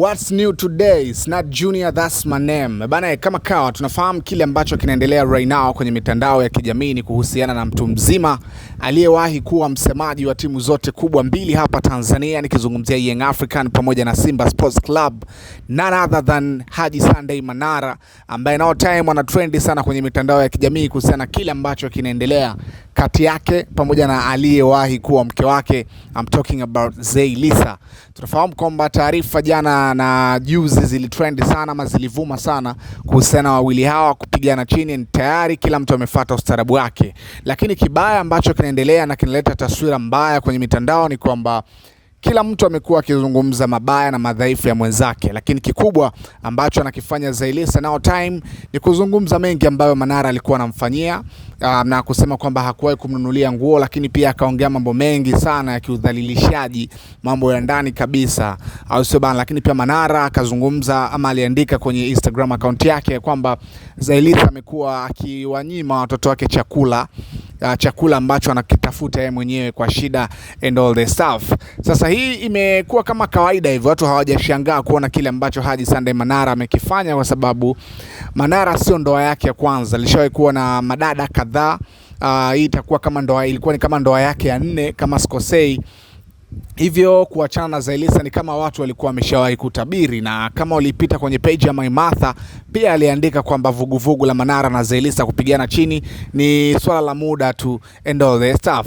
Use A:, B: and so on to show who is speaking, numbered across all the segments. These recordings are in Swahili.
A: What's new today? snat Junior, that's my name. Bana, kama kawa tunafahamu kile ambacho kinaendelea right now kwenye mitandao ya kijamii ni kuhusiana na mtu mzima aliyewahi kuwa msemaji wa timu zote kubwa mbili hapa Tanzania, nikizungumzia Young African pamoja na Simba Sports Club, none other than Haji Sunday Manara, ambaye nao time ana trendi sana kwenye mitandao ya kijamii kuhusiana na kile ambacho kinaendelea kati yake pamoja na aliyewahi kuwa mke wake. I'm talking about Zay Lisa. Tunafahamu kwamba taarifa jana na juzi zilitrend sana ama zilivuma sana kuhusiana wawili hawa kupigana chini, tayari kila mtu amefuata ustaarabu wake, lakini kibaya ambacho kina kinaendelea na kinaleta taswira mbaya kwenye mitandao ni kwamba kila mtu amekuwa akizungumza mabaya na madhaifu ya mwenzake, lakini kikubwa ambacho anakifanya Zailisa Now Time ni kuzungumza mengi ambayo Manara alikuwa anamfanyia um, na kusema kwamba hakuwahi kumnunulia nguo, lakini pia akaongea mambo mengi sana ya kiudhalilishaji, mambo ya ndani kabisa, au sio bana? Lakini pia Manara akazungumza ama aliandika kwenye Instagram account yake kwamba Zailisa amekuwa akiwanyima watoto wake chakula uh, chakula ambacho anakitafuta yeye mwenyewe kwa shida and all the stuff. Sasa hii imekuwa kama kawaida hivyo, watu hawajashangaa kuona kile ambacho Haji Sunday Manara amekifanya, kwa sababu Manara sio ndoa yake ya kwanza, alishawahi kuwa na madada kadhaa. Uh, hii itakuwa kama ndoa, ilikuwa ni kama ndoa yake ya nne kama sikosei Hivyo kuachana na Zailisa ni kama watu walikuwa wameshawahi kutabiri, na kama walipita kwenye page ya Maimartha pia aliandika kwamba vuguvugu la Manara na Zailisa kupigana chini ni swala la muda tu and all the stuff.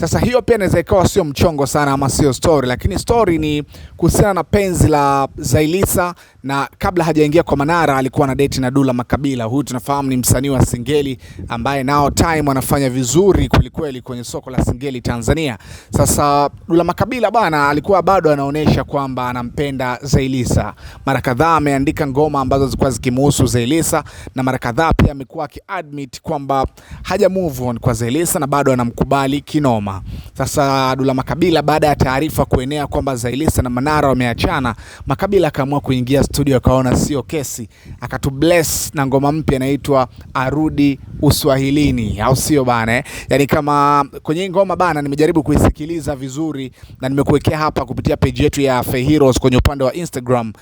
A: Sasa hiyo pia inaweza ikawa sio mchongo sana ama sio story, lakini story ni kuhusiana na penzi la Zailisa, na kabla hajaingia kwa Manara alikuwa na date na Dula Makabila. Huyu tunafahamu ni msanii wa Singeli ambaye nao time anafanya vizuri kwelikweli kwenye soko la Singeli Tanzania. Sasa Dula Makabila bana alikuwa bado anaonyesha kwamba anampenda Zailisa. Mara kadhaa ameandika ngoma ambazo zilikuwa zikimuhusu Zailisa na mara kadhaa pia amekuwa akiadmit kwamba haja move on kwa Zailisa na bado anamkubali kinoma. Sasa Dula Makabila baada ya taarifa kuenea kwamba Zailisa na Manara wameachana, Makabila akaamua kuingia studio akaona sio kesi, akatubless na ngoma mpya inaitwa Arudi Uswahilini, au sio bana? Yaani kama kwenye ngoma bana nimejaribu kuisikiliza vizuri na nime nimekuwekea hapa kupitia page yetu ya Fay Heroes kwenye upande wa Instagram.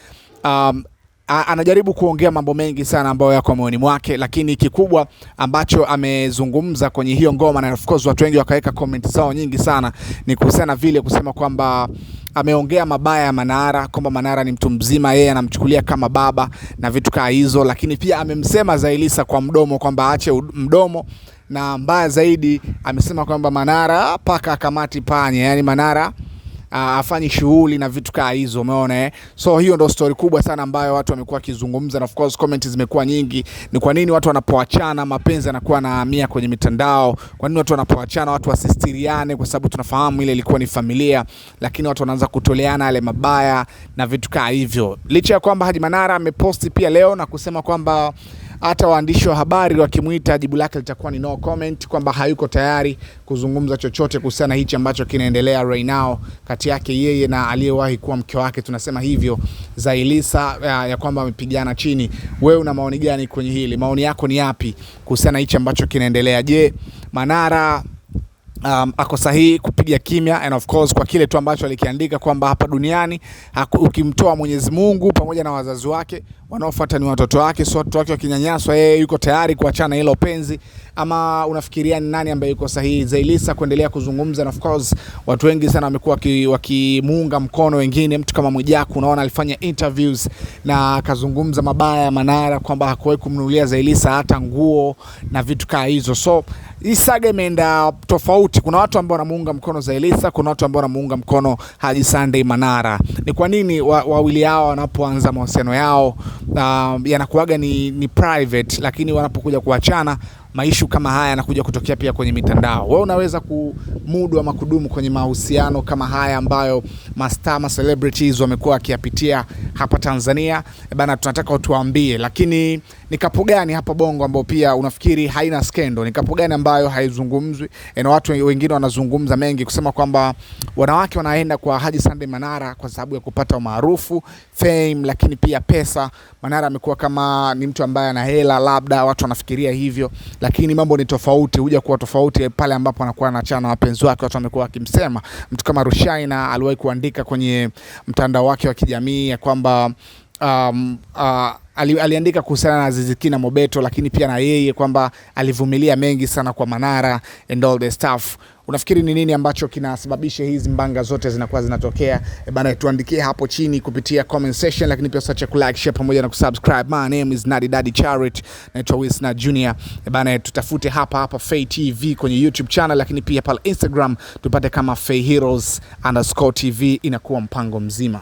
A: Um, anajaribu kuongea mambo mengi sana ambayo yako moyoni mwake, lakini kikubwa ambacho amezungumza kwenye hiyo ngoma, na of course watu wengi wakaweka comment zao nyingi sana, ni kuhusiana vile kusema kwamba ameongea mabaya ya Manara, kwamba Manara ni mtu mzima, yeye anamchukulia kama baba na vitu kama hizo, lakini pia amemsema Zailisa kwa mdomo kwamba aache mdomo na mbaya zaidi amesema kwamba Manara paka akamati panya, yani Manara Ah, afanyi shughuli na vitu kaa hizo, umeona eh? So hiyo ndo story kubwa sana ambayo watu wamekuwa wakizungumza, na of course comments zimekuwa nyingi. Ni kwa nini watu wanapoachana mapenzi yanakuwa na hamia kwenye mitandao? Kwa nini watu wanapoachana watu wasistiriane? Kwa sababu tunafahamu ile ilikuwa ni familia, lakini watu wanaanza kutoleana yale mabaya na vitu kaa hivyo, licha ya kwamba Haji Manara ameposti pia leo na kusema kwamba hata waandishi wa habari wakimwita, jibu lake litakuwa ni no comment, kwamba hayuko tayari kuzungumza chochote kuhusiana hichi ambacho kinaendelea right now kati yake yeye na aliyewahi kuwa mke wake, tunasema hivyo, Zailisa, ya, ya kwamba amepigana chini. Wewe una maoni gani kwenye hili? Maoni yako ni yapi kuhusiana hichi ambacho kinaendelea? Je, Manara Um, ako sahihi kupiga kimya and of course kwa kile tu ambacho alikiandika kwamba hapa duniani ukimtoa Mwenyezi Mungu pamoja na wazazi wake, wanaofuata ni watoto wake. So watoto wake wakinyanyaswa, yeye yuko tayari kuachana hilo penzi. Ama unafikiria ni nani ambaye yuko sahihi? Zailisa kuendelea kuzungumza, and of course watu wengi sana wamekuwa wakimuunga mkono, wengine mtu kama Mwijaku, unaona alifanya interviews na akazungumza mabaya ya Manara kwamba hakuwahi kumnunulia Zailisa hata nguo na vitu kama hizo so hii saga imeenda tofauti. Kuna watu ambao wanamuunga mkono zaelisa kuna watu ambao wanamuunga mkono Haji Sunday Manara. Ni kwa nini wawili wa hao wanapoanza mahusiano yao uh, yanakuwaga ni, ni private, lakini wanapokuja kuachana maishu kama haya yanakuja kutokea pia kwenye mitandao. Wewe unaweza kumudu ama kudumu kwenye mahusiano kama haya ambayo mastaa ma celebrities wamekuwa wakiyapitia hapa Tanzania eh, bana, tunataka utuambie, lakini ni kapo gani hapa Bongo ambayo pia unafikiri haina skendo? Ni kapo gani ambayo haizungumzwi eh, na watu wengine wanazungumza mengi kusema kwamba wanawake wanaenda kwa Haji Sande Manara kwa sababu ya kupata umaarufu fame, lakini pia pesa. Manara amekuwa kama ni mtu ambaye ana hela, labda watu wanafikiria hivyo lakini mambo ni tofauti, huja kuwa tofauti pale ambapo anakuwa anachana na wapenzi wake. Watu wamekuwa wakimsema mtu kama Rushaina, aliwahi kuandika kwenye mtandao wake wa kijamii ya kwamba um, uh, aliandika kuhusiana na Ziziki na Mobeto, lakini pia na yeye kwamba alivumilia mengi sana kwa Manara and all the stuff Unafikiri ni nini ambacho kinasababisha hizi mbanga zote zinakuwa zinatokea? E bana, tuandikie hapo chini kupitia comment section, lakini pia usiache kulike, share pamoja na kusubscribe. My name is Nadi Daddy Charity, naitwa Wisna Junior. E bana, tutafute hapa hapa Fay TV kwenye YouTube channel, lakini pia pale Instagram tupate kama Fay Heroes underscore TV, inakuwa mpango mzima.